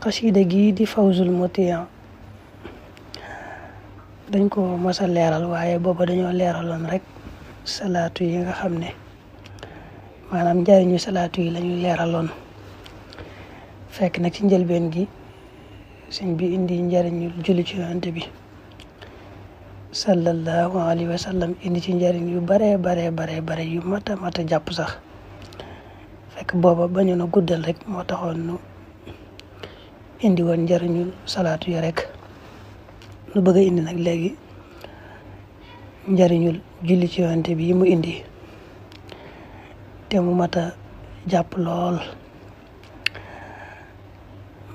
xasida gi di fawzul mutiyan ah. dañ ko masa leeral waaye booba dañoo leeraloon rek salaatu yi nga xam ne maanaam njariñu salaatu yi lañuy leeraloon fekk nag ci njëlbeen gi sëñ bi indi njariñu julli ci yonent bi sallallahu alayhi wa indi ci njariñ yu baree baree baree bare yu mata mata jàpp sax fekk booba bañu na guddal rek moo taxoon nu indi woon njëriñu salaatu yi nu bëgg a indi nag léegi njëriñul julli ci yonent bi mu indi te mu mat a jàpp lool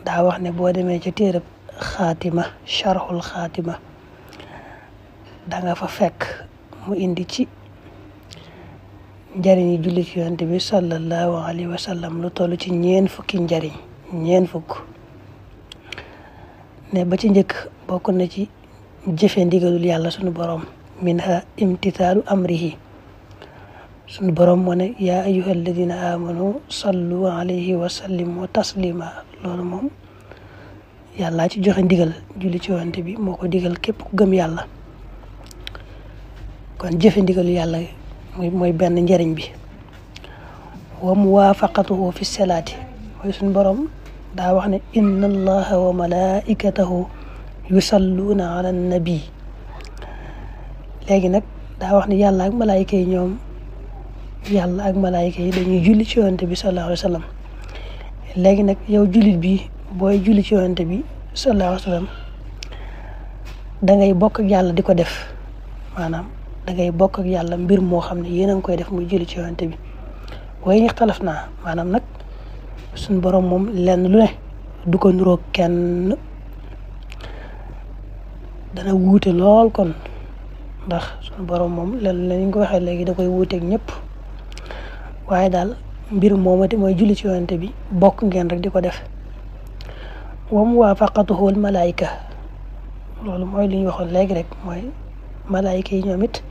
daa wax ne boo demee ci téereb xaatima charxul xaatima da nga fa fekk mu indi ci njëriñi julli ci yonent bi sallallahu alayhi wa lu toll ci ñeen fukki njëriñ ñeen fukk ne ba ci njëkk bokk na ci jëfe ndigalul yàlla sunu borom minha imtitaalu amrihi sunu borom moo ne yaa ayuha alladina amanu sallu alayhi wa taslima loolu moom ci joxe ndigal julli ci wante bi moo ko digal képp ku gëm yàlla kon jëfe ndigalul yàlla mooy benn njëriñ bi wa muwaafaqatuhu fi salaati mooy sunu borom daa wax ne inna allaha wa malaikatahu yusalluuna ala nabi léegi nag daa wax ne yàlla ak malaayika yi ñoom yàlla ak malaayika yi dañuy julli ci yonante bi sallallahu alayhi wa sallam léegi nag yow jullit bi booy julli ci yonante bi sallallahu alayhi wa sallam dangay bokk ak yàlla di ko def maanaam dangay bokk ak yàlla mbir moo xam ne yéen a ngi koy def muy julli ci yonante bi waaye ñi xtalaf naa maanaam nag suñ borom mom len lu ne du ko nuro kenn dana wuté lol kon ndax suñ borom mom len lu ne ni ñu ko waxee léegi da koy wuté ak ñëpp waye dal mbir momati moy julli ci yonante bi bok ngeen rek diko def wa muwaafaqatuhu al malaika lolou moy li ñu waxoon léegi rek moy malaika yi ñomit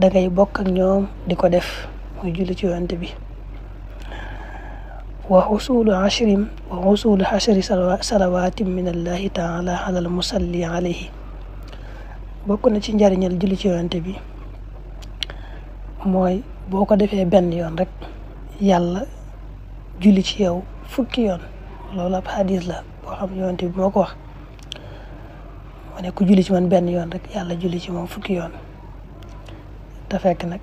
da ngay bok ak ñom diko def moy julli ci yonante bi wa xusulu ashrin ashri salawaatin min allahi taala ala al musalli alayhi bokk na ci njariñal julli ci yonante bi mooy boo ko defee benn yoon rek yàlla julli ci yow fukki yoon loolu ab la boo xam yonante moo ko wax ne ku julli ci man benn yoon rek yàlla juli ci moom fukki yoon te fekk nag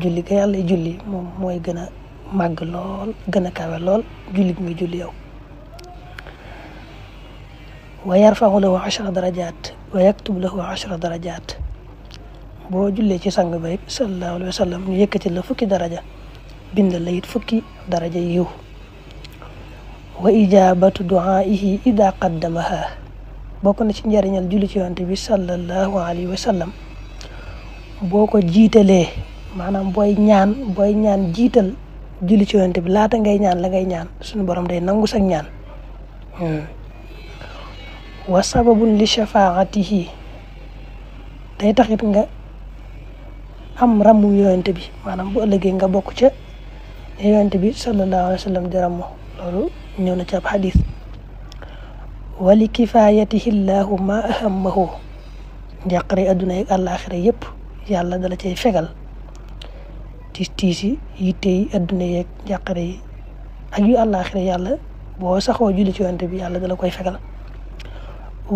julli ga yàlla julli moom mooy gën màgg lool gën a kawe lool jullit nga julli yow wa yarfahu lahu achra darajat yaktub lahu achra darajat boo jullee ci sang ba rek sallallahu alayhi wa sallam ñu la fukki daraja bindal la it fukki daraja yiw wa ijabatu duaihi ida qaddamaha bokk na ci njariñal julli ci yonte bi sallallahu alayhi wa boo ko jiitalee maanaam booy ñaan ñaan jiital julli ci yonte bi laata ngay ñaan la ngay ñaan suñu borom day nangu sa ñaan hmm. wa sababun li shafaatihi day taxit nga am ramu yonte bi manam bu ëllëgé nga bokku ci yonte bi sallallahu alayhi wasallam di ramu lolu ñëw na ci ab wa li kifayatihi allahumma ma ahammahu njàqare adduna yeeg àllaaxira yépp yalla dala cey fegal tiis tiis yi yitte yi adduna yeeg njàqare yi ak yu àllaaxira yàlla boo saxoo julli ci yonent bi yàlla dala koy fegal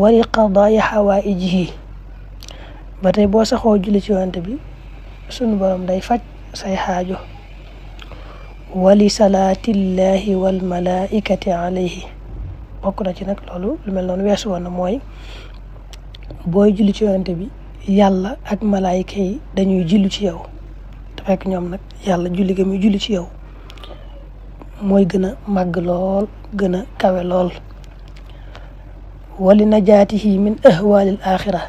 wali qadaaya boo saxoo julli ci yonent bi sunu borom day faj say xaajo wali salaatillahi wal malaikati alayhi bokk na ci nag loolu lu mel noonu weesu woon mooy booy julli ci yonent bi yàlla ak malaayika yi dañuy julli ci yow fekk ñoom nag yàlla julli ga muy julli ci yow mooy gën a màgg lool gën a kawe lool wali najaatihi min ahwaalil axira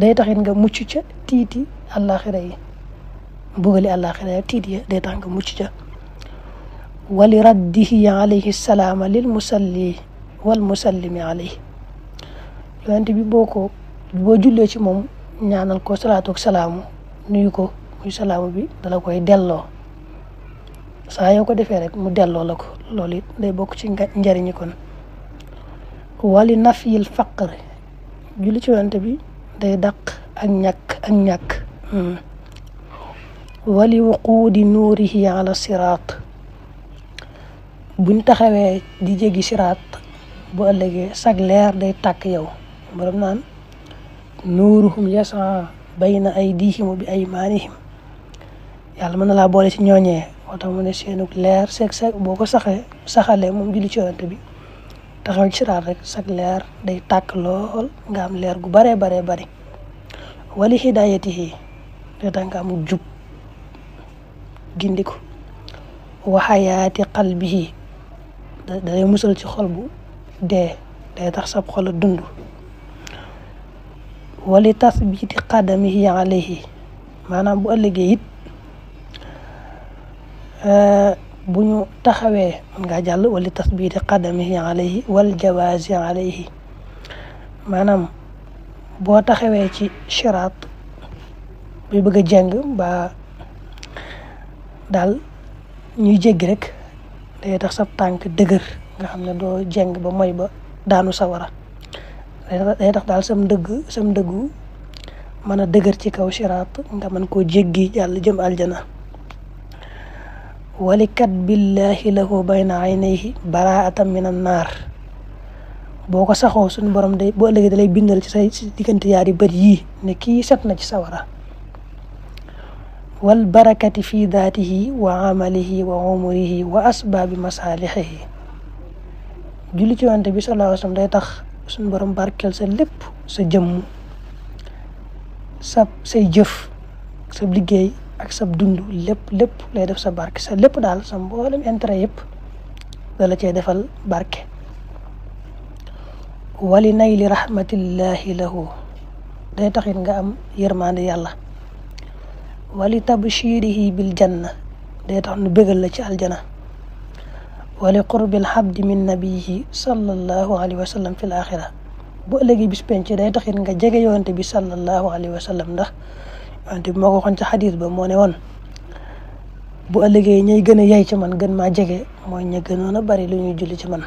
day taxit nga mucc ca tiiti àllaaxira yi mbugali àllaaxira ya tiit ya day tax nga mucc ca wali raddihi alayhi salaama lil musalli wal musallimi alayhi yonent bi boo ko boo jullee ci moom ñaanal ko salaatu ak salaamu nuyu ko muy salaamu bi dala koy delloo sa yoo ko defee rek mu delloo la ko loolu day bokk ci njariñi kon wali nafyil faqr julli ci yonent bi day dàq ak ñàkk ak ñàkk hmm. wali wuquudi nuurihi ala siraat buñ taxawee di jéggi siraat bu ëllëgee sag leer day tàkk yow borom naan nuuruhum yasa bayna aydihim bi aymanihim yàlla mën na laa boole ci ñooñee moo tax mu ne seenug leer seeg seeg boo ko saxee saxalee moom julli ci bi taxaw ci siraat rek sag leer day tàkk lool nga am leer gu bare bare bari wali hidayatihi te da nga am jub gindiku wa hayaati qalbihi da day musal ci xol bu dee day tax sab xol dund wali tasbiti qadamihi alayhi maanaam bu ëllëgee it bu ñu taxawee mën ngaa jàll wali tasbiti qadamihi walla wal jawaasi alayhi maanaam boo taxawee ci shiraat buy bëgg a jàng ba daal ñuy jéggi rek day tax sab tànk dëgër nga xam ne doo jeng ba mooy ba daanu sawara day tax daal sam dëgg sam dëggu mën a dëgër ci kaw shiraat nga mën koo jéggi jàll jëm aljana walikkat billahi lahu bayna aynayhi baraatan min an naar boo ko saxoo suñu borom day bu ëllëgee dalay bindal ci say diggante yaari bët yii ne kii set na ci sawara wal barakati fi daatihi wa amalihi wa umurihi wa asbaabi masaalixihi julli ci wante bi sallallahu alayhi wasallam day tax suñu borom barkeel sa lépp sa jëmm sa say jëf sa liggéey ak sa dund lépp lépp lay def sa barke sa lépp dal sa mbolam entre yep da la cey defal barke wali nayli rahmatillahi lahu day taxit nga am yërmande yàlla wali tabshirihi bil janna day tax nu bégal la ci aljana wali qurbil habd min nabiyihi sallallahu alayhi wa sallam fil akhirah bu ëllëgi bis penc day taxit nga jege yonte bi sallallahu alayhi wa sallam ndax wante moo ko waxoon ci xadis ba moo ne woon bu ëllëgee ñay gën a yay ci man gën maa jege mooy ña gënoon a bari lu ñuy julli ci man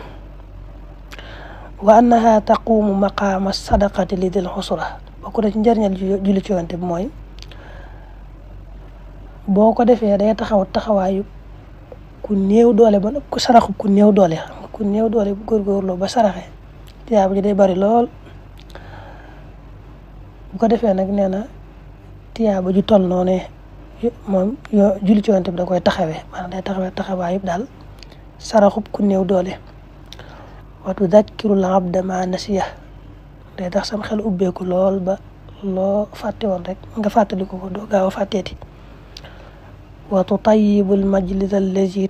wa annaha taqumu maqaama sadaqati li dil xusura bokk na ci njëriñal julli ci mooy boo ko defee day taxaw taxawaayu ku néew doole ba ku ku néew doole ku néew doole bu góorgóorloo ba saraxe tiyaab ji day bari lool bu ko defee nag nee na tiyaaba ju toll noné mom yo julli ci yonent bi da koy taxawé man day taxawé taxawaay yeb dal saraxub ku new doole wa tu al abda ma nasiya day tax sam xel ubbe ko lol ba lo fàtte won rek nga fàttaliku ko doo gaaw a fàtteeti wa al majlis allazi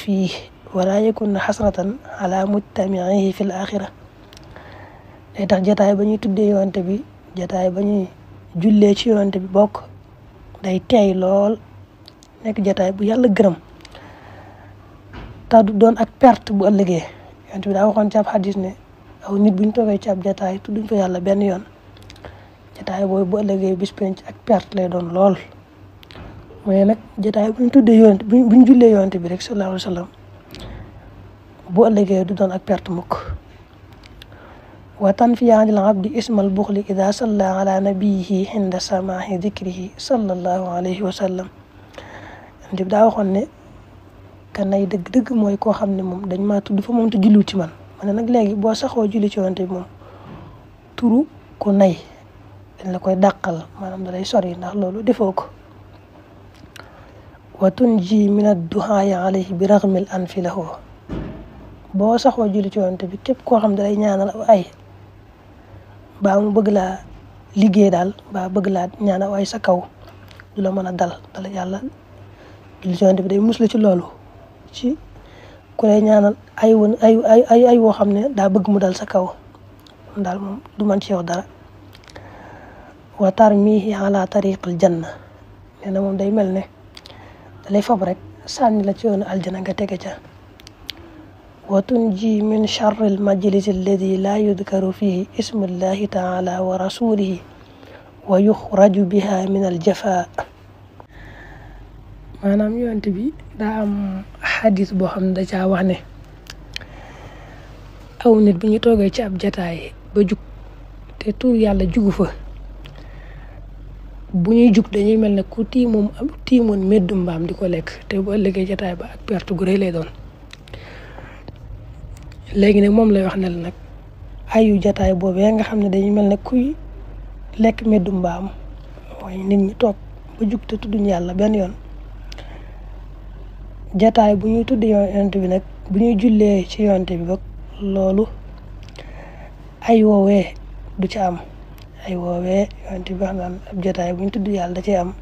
fihi wa la yakun hasratan ala muttami'ihi fi l axira day tax jotaay bañuy tuddé yonte bi jotaay bañuy jullee ci yonante bi bokk day teey lool nekk jataay bu yàlla gërëm ta du doon ak pert bu ëllëgee yonante bi daa waxoon ci ab xadis ne aw nit bu ñu toogee ci ab jataay tudduñ fa yàlla benn yoon jataay boobu bis penc ak perte lay doon lool mais nag jataay bu ñu tuddee yonante bu ñu jullee yonante bi rek sallallahu alayhi wa sallam bu ëllëgee du doon ak perte mukk في عن العبد اسم البخل إذا صلى على نبيه عند سماع ذكره صلى الله عليه وسلم نجيب داو خن كان اي دغ دغ موي كو خامني موم دنج ما تود فمو مونتو جيلو تي مان مانا نك لغي بو ساخو جيلو تي وانتي موم تورو كو ناي دنج لاكوي سوري ناخ لولو ديفوكو وتنجي من الدعاء عليه برغم الانف له بو ساخو جيلو تي وانتي بي كيب كو خام دالاي نيانال اي baa mu bëgg laa liggéey daal baa bëgg laa ñaana waaye sa kaw du la mën a dal dala yàlla jullit bi day muslu ci loolu ci ku lay ay woon woo xam ne daa bëgg mu dal sa kaw daal moom du man ci yow dara wa tarmihi ala tariqil janna nee na moom day mel ne dalay fab rek sànni la ci yoonu aljana nga tege ca وتنجي من شر المجلس الذي لا يذكر فيه اسم الله تعالى ورسوله ويخرج بها من الجفاء maanaam yonte bi daa am xadis boo xam ne da caa wax ne aw nit bu ñu toogee ci ab jataay ba jug te tuur yàlla jugu fa bu ñuy jug dañuy mel ne ku tiimoom tiimoon meddu mbaam di ko lekk te bu ëllëgee jataay ba ak perte gu rëy lay doon léegi nag moom lay wax ne nag ayu jataay boobee nga xam ne dañuy mel ne kuy lekk meddu mbaam mooy nit ñu toog ba jug te tudduñ yàlla benn yoon jataay bu ñuy tudd yonent bi nag bu ñuy jullee ci bi ba loolu ay ci am ay woowee yonent bi jataay bu ñu tudd yàlla da ci am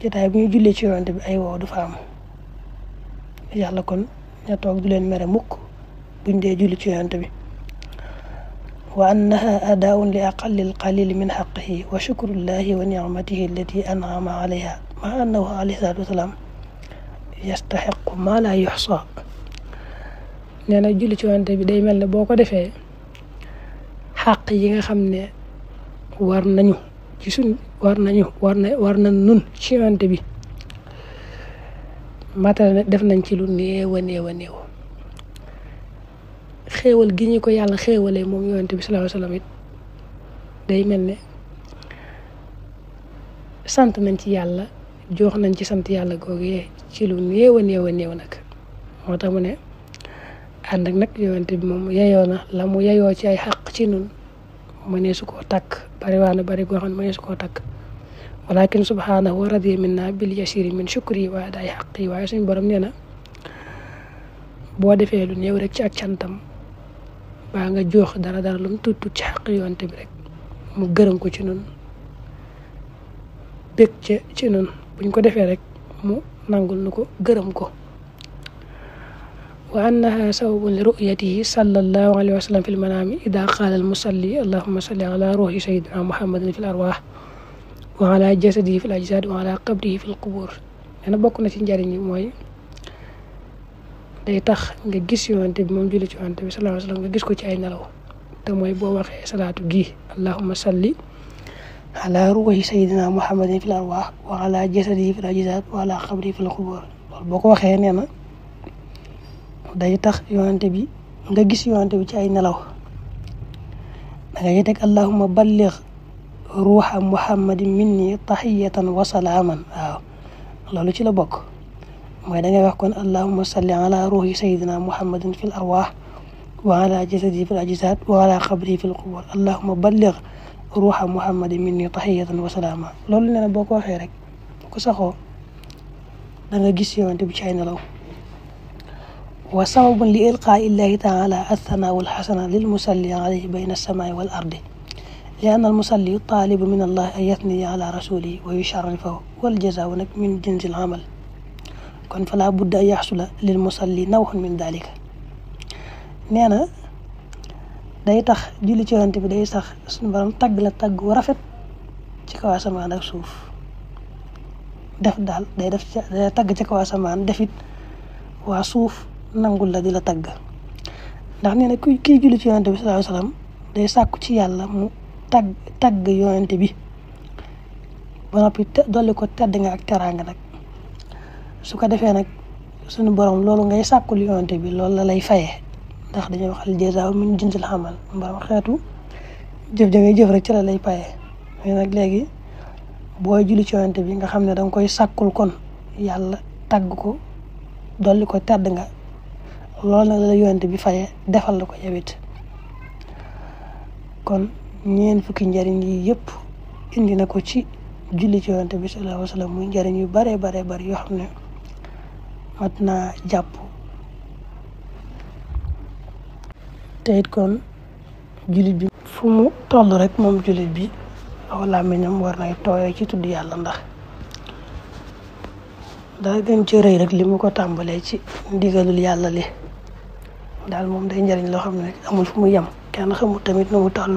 jataay bu ñuy jullee ci yonent bi ay woow du fa am yàlla kon ña toog du leen mere mukk وأنها أداء لأقل القليل من حقه وشكر الله ونعمته التي أنعم عليها مع أنه عليه الصلاة والسلام يستحق ما لا يحصى نانا جولي تيانتبي دايما لبوكو دفعي حق ييغا خامني وار نانيو ci sun war nañu war na war na nun ci yonte bi matal def nañ ci lu neewa neewa neewa xéewal gi ñu ko yàlla xéewalee moom yonent bi day mel ne sant nañ ci yàlla jox nañ ci sant yàlla googee ci lu néew a néew a nag moo tax mu ne ànd ak nag yonent bi moom yeyoo na la yeyoo ci ay xaq ci nun mënee su koo takk bari waa na bari goo xam ne mënee su koo takk walakin subhaanahu wa radiya min na bil yasiri min shukri waaye daay xaq yi waaye borom nee na boo defee lu néew rek ci ak cantam baa nga joox dara dara lu mu tuut tuut ci xaq yoonte bi rek mu gërëm ko ci noonu bég ca ci noonu buñ ko defee rek mu nangul nu ko gërëm ko wa annaha sababun li ru'yatihi sallallahu alayhi wa sallam fi lmanaami ida qaala almusalli allahuma salli ala ruuhi sayidina muhammadin fi l arwaax wa ala jasadihi fi l wa ala qabrihi fi l qubuur na bokk na ci njariñ yi mooy day tax nga gis yonante bi moom julli ci yonante bi sallallahu alayhi wa sallam nga gis ko ci ay nelaw te mooy boo waxee salaatu gi allahumma salli ala ruuhi sayidina muhammadin fil arwaax wa ala jasadihi fil ajisaat wa ala xabri fil xuboor loolu boo ko waxee nee na day tax yonante bi nga gis yonante bi ci ay nelaw da ngay teg allahumma balligh ruuxa muhammadin minni tahiyatan wa salaaman waaw loolu ci la bokk ويقول اللهم صل على روح سيدنا محمد في الأرواح وعلى جسدي في الأجساد وعلى قبري في القبور اللهم بلغ روح محمد مني تحية وسلامة لولا أنا بوكو خيرك كسخو دا نغا غيس يونتي بي وسبب لإلقاء الله تعالى الثناء والحسنة للمصلي عليه بين السماء والأرض لأن المصلي يطالب من الله أن يثني على رسوله ويشرفه والجزاء من جنس العمل kon fala budda yaxsula lil musalli nawxun min dalika nee na day tax julli ci yonante bi day sax suñu borom tagg la tagg wu rafet ci kaw asamaan ak suuf def dal day def day tagg ci kaw defit suuf nangul la di la tagg ndax nee na kuy kiy julli ci yonante bi sallallahu alayhi wasallam day sàkku ci yàlla mu tagg tagg yonante bi ba dolli ko tedd nga ak su ko defee nag sunu borom loolu ngay sàkkul yonte bi loolu la lay fayee ndax dañuy waxal jazaa min jinsil amal xeetu jëf ja ngay jëf lay paye mais nag léegi booy julli ci yonte bi nga xam ne danga koy sàkkul kon yàlla tagg ko dolli ko tedd nga loolu nag la yonte bi faye defal la ko yewit kon ñeen fukki njëriñ yi yëpp indi na ko ci julli ci yonte bi sallallahu alayhi muy njëriñ yu bare bare bari yoo ne mat na jàpp te kon jullit bi fu mu toll rek moom julit bi aw làmmiñam war nay tooyoo ci tudd yàlla ndax daa gën ci rëy rek li mu ko tàmbalee ci ndigalul yàlla li daal moom day njariñ loo xam ne amul fu mu yem kenn xamul tamit nu mu toll